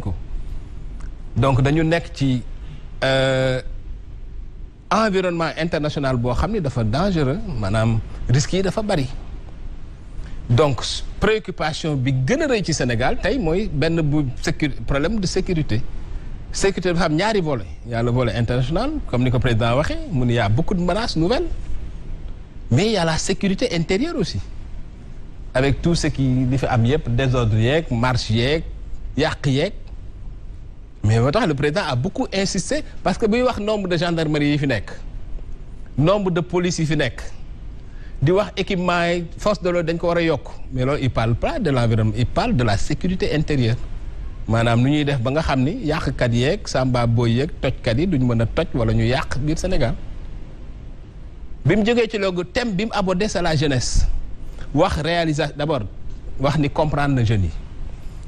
ko donc dañu l'environnement euh, environnement international est est dafa dangereux maanaam risque yi dafa bari donc préoccupation qui est générée au Sénégal c'est le problème de sécurité La sécurité il ñaari Il y a le vol international comme le président a dit, il y a beaucoup de menaces nouvelles mais il y a la sécurité intérieure aussi avec tout ce qui est am désordre marche yàq yek mais le président a beaucoup insisté parce que a wax nombre de gendarmerie yi nombre de policiers yi fi équipement force de l'ordre mais là il parle pas de l'environnement il parle de la sécurité intérieure Manam, nu ñuy def ba nga xam ni yàqkat yeeg samba boy yeeg tojkat yi duñ mën toj wala ñu Sénégal Bim mu ci loolu thème bi abordé la jeunesse d'abord wax ni comprendre le jeunesse.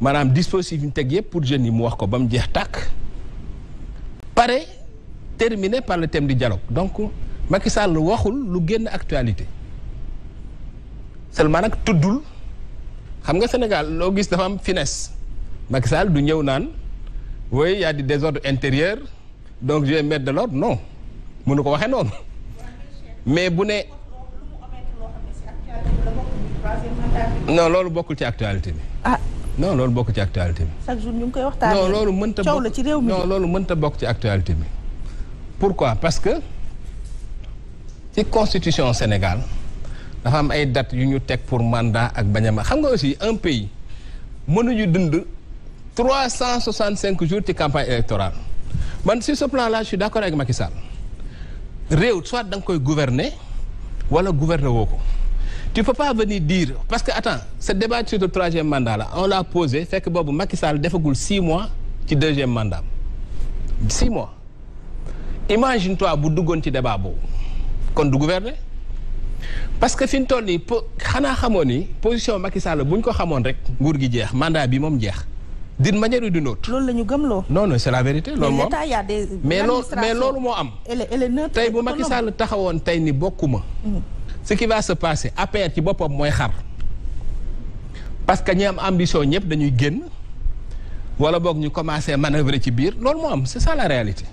Madame dispositif ñu pour je yi mu wax ko bam terminé par le thème du dialogue donc Macky Sall waxul lu génn actualité seulement nag tuddul xam nga Sénégal lo gis dafa am finesse Macky Sall du ñëw naan oui y a des désordres intérieurs. donc je vais mettre de l'ordre non mënu ko waxé non. mais bu né non non, bokul ci actualité ah non loolu bokk ci actualité bi. chaque jour ñu ngi koy waxtaanee. non loolu mënta bokk coow ci réew mi non loolu mënta bokk ci actualité bi. pourquoi parce que ci constitution Sénégal dafa am ay dates yu ñu teg pour mandat ak bañ a ma xam nga aussi un pays mënuñu dund trois 365 jours ci campagne électorale man sur ce plan là je suis d'accord avec Macky Sall réew soit da nga koy gouverner wala gouverner woo tu ne peux pas venir dire parce que attends ce débat sur le troisième mandat là on l'a posé que, Bobo, Macky Sall fait six mois le deuxième mandat six mois imagine toi bu tu ci débat tu tu parce que fin mu position Macky Sall tu ko rek mandat bi le d'une manière ou d'une autre. non non c'est la vérité. mais mais elle est neutre Macky Sall tu ce qui va se passer après ci bopam moy xar parce que ñi am ambition ñep dañuy génn wala bok ñu commencer manœuvrer ci biir loolu mo am c'est ça la réalité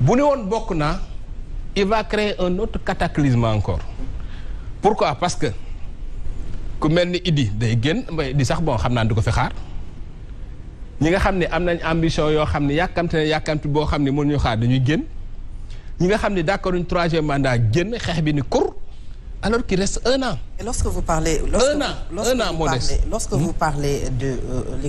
bu ne won bokk il va créer un autre cataclysme encore pourquoi parce que ku melni Idi day may di sax bon xamna naa du ko fi xaar ñi nga xamni am nañ ambition yo xamni yakamte yàkkamte bo xamni boo ñu ne xaar dañuy génn ñi nga xam ne d'accord troisième mandat génn xex bi ni cour alors qu'il reste un an. Et lorsque vous parlez, lorsque un an, vous, lorsque un an vous lorsque hmm? vous parlez de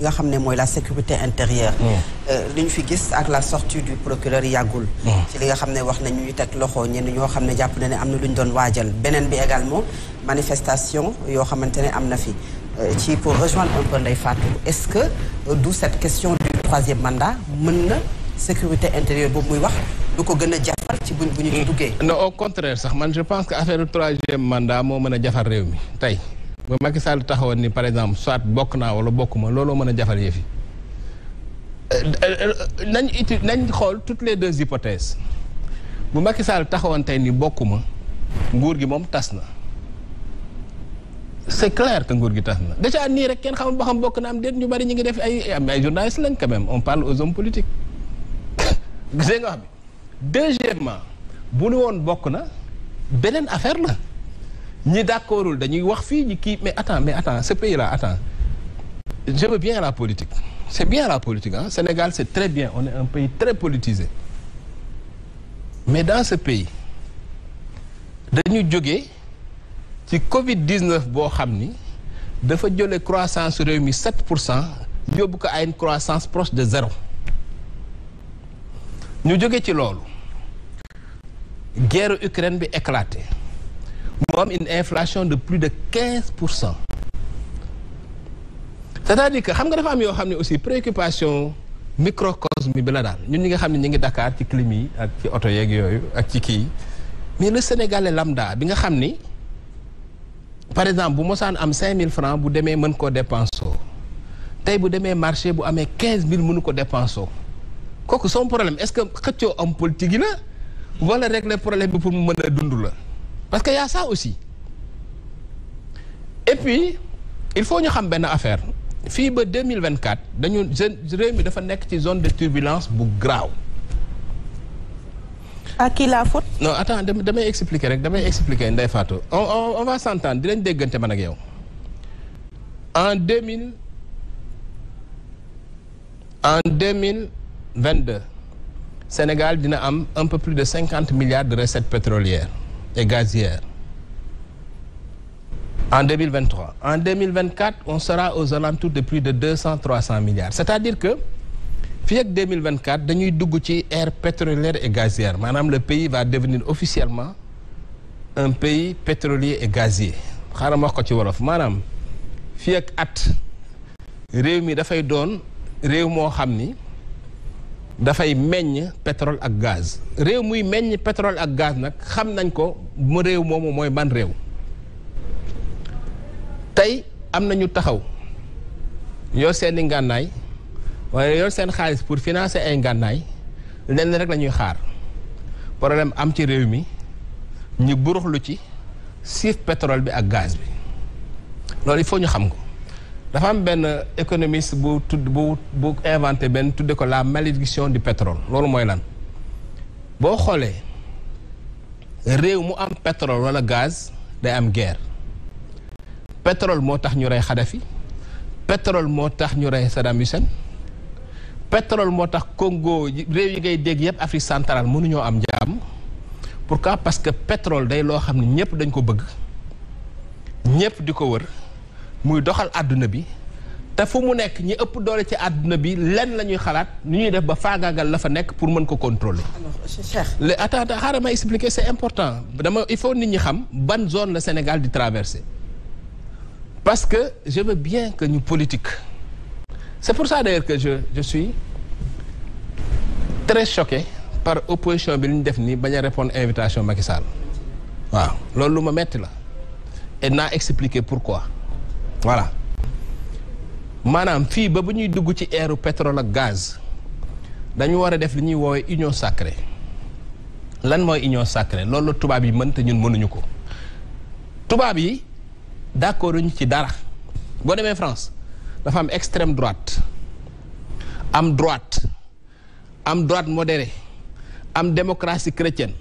euh, la sécurité intérieure, hmm. euh, l'infigis avec la sortie du procureur Yagoul, hmm. ci li nga xam ne wax nañu ñu teg loxo ñenn ñoo xam ne jàpp na ne am na lu ñu doon waajal beneen bi également manifestation yoo xamante ne am na fi euh, ci pour rejoindre un peu Ndeye Fatou est-ce que euh, d'où cette question du troisième mandat mën sécurité intérieure boobu muy wax. lu ko gën a jafar ci buñ bu ñu ci duggee. non sax man je pense que affaire troisième moo mën a jafar réew mi tey bu Macky Sall taxawoon ni par exemple soit bokk naa wala bokkuma looloo mën a jafar yëf euh, nañ uti nañ xool toutes les deux hypothèses bu Macky Sall taxawoon tey ni bokkuma nguur gi moom tas na. c' est que nguur gi tas na déjà nii rek kenn xamul boo xam bokk na am déet ñu bari ñu ngi def ay am ay journalistes lañ quand même on parle aux hommes politiques. gisee wax bi deuxièmement si on woon bokk na beneen affaire la ñi d'accordul dañuy wax fii ñi kii mais attends mais attends ce pays là attends je veux bien la politique c'est bien la politique hein. Sénégal c'est très bien on est un pays très politisé mais dans ce pays dañu jógee ci Covid 19 boo xam dafa croissance réew 7 pour cent a ko une croissance proche de zéro ñu jóge ci loolu. La guerre Ukraine est éclatée. Nous avons une inflation de plus de 15%. C'est-à-dire que, nous avons aussi des préoccupations microcosme Nous avons dit que nous Dakar, qui climi, qui auto et qui qui. Mais le Sénégal est lambda. Vous savez, par exemple, si vous avez 5 000 francs, vous devez me dépenser. Si vous devez marcher, vous avez 15 000 francs. Quoi que ce soit un problème, est-ce que vous avez un politique voilà régler problème pour me parce qu'il y a ça aussi et puis il faut que nous une affaire FIBE 2024, nous avons vingt zone de turbulence bu grave. à qui la faute. non attends vais expliquer Je vais expliquer on va s'entendre en 2000... en 2022... Sénégal dina un peu plus de 50 milliards de recettes pétrolières et gazières en 2023 en 2024 on sera aux alentours de plus de 200-300 milliards c'est-à-dire que fiec 2024 nous avons une air pétrolière et gazière Madame le pays va devenir officiellement un pays pétrolier et gazier Madame, at dafay meññ pétrole ak gaz réew muy meññ pétrole ak gaz nag xam nañ ko mu réew moomu mooy man réew tey am na ñu taxaw yor seeni ngànnaay waaye yor seen xaalis pour financer ay ngànnaay lenn rek la xaar problème am ci réew mi ñu buruxlu ci siif pétrole bi ak gaz bi loolu il ñu xam ko dafa am ben économiste bu tudd bu bu inventé benn tudde ko la malédiction du pétrole loolu mooy lan bo xoolee réew mu am pétrole wala gaz day am guerre pétrole moo tax ñu Khadafi, Xadafi pétrole moo tax ñu rey Saddam Hussein pétrole moo tax Congo gay yi ngay dégg yépp Afrique centrale am jam, pourquoi parce que pétrole day lo xam ne ñépp dañ ko bëgg di ko wër muy doxal aduna bi te fu mu nekk ñi ëpp doole ci aduna bi lenn la ñuy xalaat ñuy def ba faagaagal la fa nekk pour mën ko contrôler. alors attends xaaral ma expliquer c'est important dama il faut nit ñi xam ban zone la Sénégal di traverser parce que je veux bien que ñu politique. c'est pour ça d'ailleurs que je je suis très choqué par opposition bi ñu def nii bañ a répondre invitation Macky Sall waaw loolu lu ma metti la et naa expliquer pourquoi. voilà maanaam fii ba bu ñuy dugg ci eeru pétrole ak gaz dañu war a def li ñuy woowee union sacrée lan mooy union sacre loolu tubaab yi mën te ñun mënuñu ko tubaab yi d'accord ñu ci dara boo demee France dafa am extrême droite am droite am droite modérée am démocratie chrétienne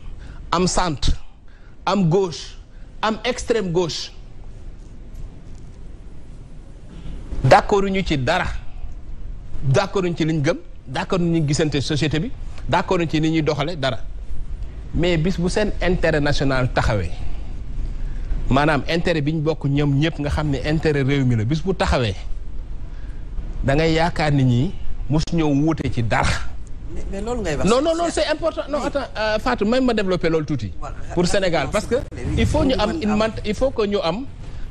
am centre am gauche am extrême gauche d'accord ñu ci dara d'accord ñu ci liñ gëm d'accord ñu gisante société bi d'accord ñu ci ni ñuy doxale dara mais bis bu seen intérêt national taxawee maanaam intérêt bi ñu bokk ñoom ñëpp nga xam ne intérêt réew mi la bis bu taxawee da ngay yaakaar nit ñi mos ñëw wuute ci dara. mais loolu ngay wax. non non non c'est important non attends euh, Fatou may ma développer loolu tuuti. pour Sénégal parce que il faut ñu am une il faut que ñu am.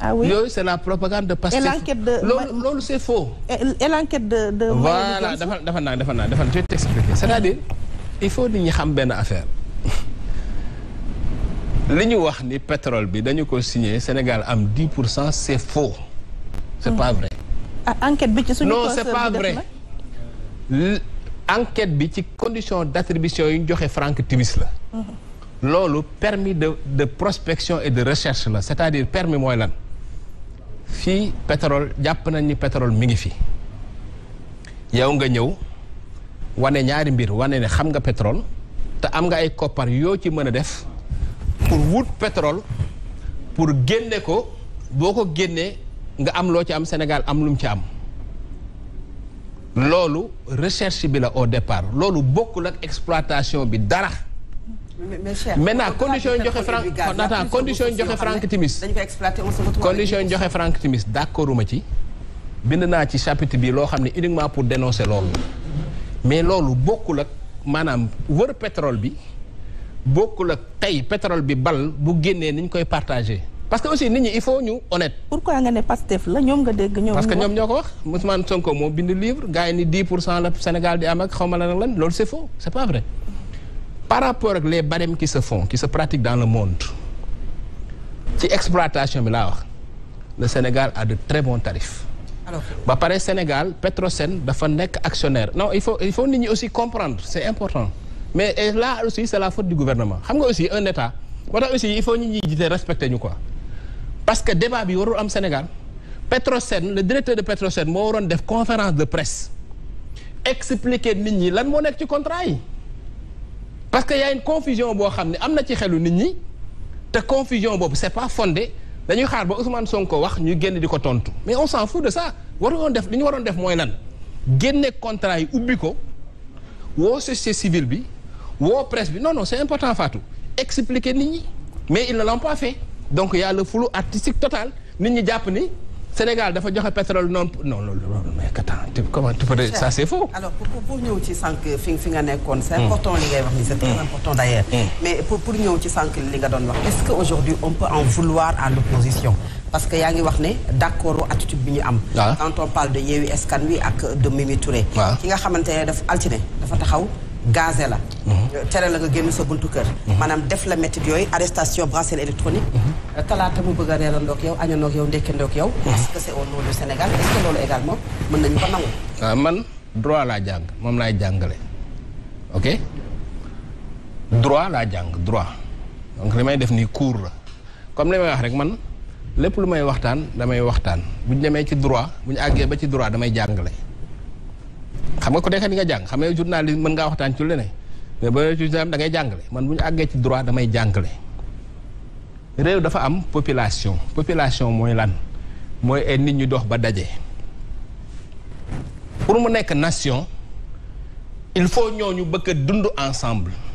ah c'est la propagande de Pastef. et l'enquête de c'est faux. et l'enquête de voilà je vais t'expliquer c'est-à-dire il faut que nous xam une affaire li ñu wax ni pétrole bi dañu ko le Sénégal à 10 c'est faux. c'est hmm. pas vrai. ah enquête bi ci suñu. non c'est pas vrai enquête c'est ci condition d'attribution de ñu joxe Franck Timis c'est hmm. loolu permis de de prospection et de recherche là c'est-à-dire permis moyen fii pétrole jàpp nañ ni pétrole mi ngi fi yow nga ñëw wane ñaari mbir wane ne xam nga pétrole te am nga ay koppar yoo ci mën a def pour wut pétrole pour génne ko boo ko génnee nga am loo ci am Sénégal am lum ci am loolu recherche bi la au départ loolu bokkul ak exploitation bi dara maintenant condition yi condition Timis condition Timis d'accorduma ci bind chapitre bi uniquement pour dénoncer mais l'eau, beaucoup ak pétrole bi pétrole bi bal bu parce que aussi il faut honnête. pourquoi nga ne Pastef la nga parce que nous, ñoko wax Ousmane Sonko mo bind livre gars ni 10 Sénégal c'est faux c'est pas vrai par rapport aux les barèmes qui se font qui se pratiquent dans le monde ci exploitation bi le Sénégal a de très bons tarifs. alors exemple, euh, le Sénégal Petrosen il nekk actionnaire non il faut il faut aussi comprendre c'est important mais là aussi c'est la faute du gouvernement xam nga aussi un état aussi il faut aussi respecter quoi parce que débat bi au Sénégal le directeur de Petrosen a fait une conférence de presse expliquer nit ñi lan moo nekk ci contrat parce qu'il y a une confusion au xam ne am na ci xelu nit ñi te confusion boobu c'est pas fondé dañuy xaar ba Ousmane Sonko wax ñu du di mais on s'en fout de ça waruñoon def li ñu waroon def mooy lan génne contrat yi ubbi ko woo société civile bi presse non non c'est important Fatou expliquer nit mais ils ne l'ont pas fait donc il y a le flou artistique total nit ñi jàpp ni Sénégal dafa joxe pétrole non non mais attends comment tu peux dire ça c'est faux. alors pour pour ñëw ci que fi fin nga nekkoon. c'est important li c'est très mm. important d'ailleurs. Mm. mais pour pour nous ci sans li nga doon wax est-ce qu'aujourd'hui, on peut en vouloir à l'opposition parce que yaa ngi wax d'accord attitude bi ñu am. Ah. quand on parle de Yewi Askan Wi ak de Mimi Touré. Ah. ki nga xamante ne daf altine dafa taxaw. gazé la tere la nga génn sa buntu kër maanaam def la méthode yooyu arrestation bracelet électronique talaata mu bëgg a reerandoog yow añandoog yow ndekkandoog yow est-ce que c'est au nom du Sénégal est-ce ah, man droit laa jàng moom laay jàngale ok laa jàng droit donc li may def nii cours la comme li may wax rek man lépp lu may waxtaan damay waxtaan bu ñu demee ci droit bu ñu àggee ba ci droit damay jàngale xam nga ku nekk di nga jàng xam nga journaliste mën nga waxtaan ci lu ne mais ba journaliste da ngay jàngale man mu ñu àggee ci droit damay jàngale. réew dafa am population population mooy lan mooy ay nit ñu dox ba daje pour mu nekk nation il faut ñooñu bëgg a dund ensemble.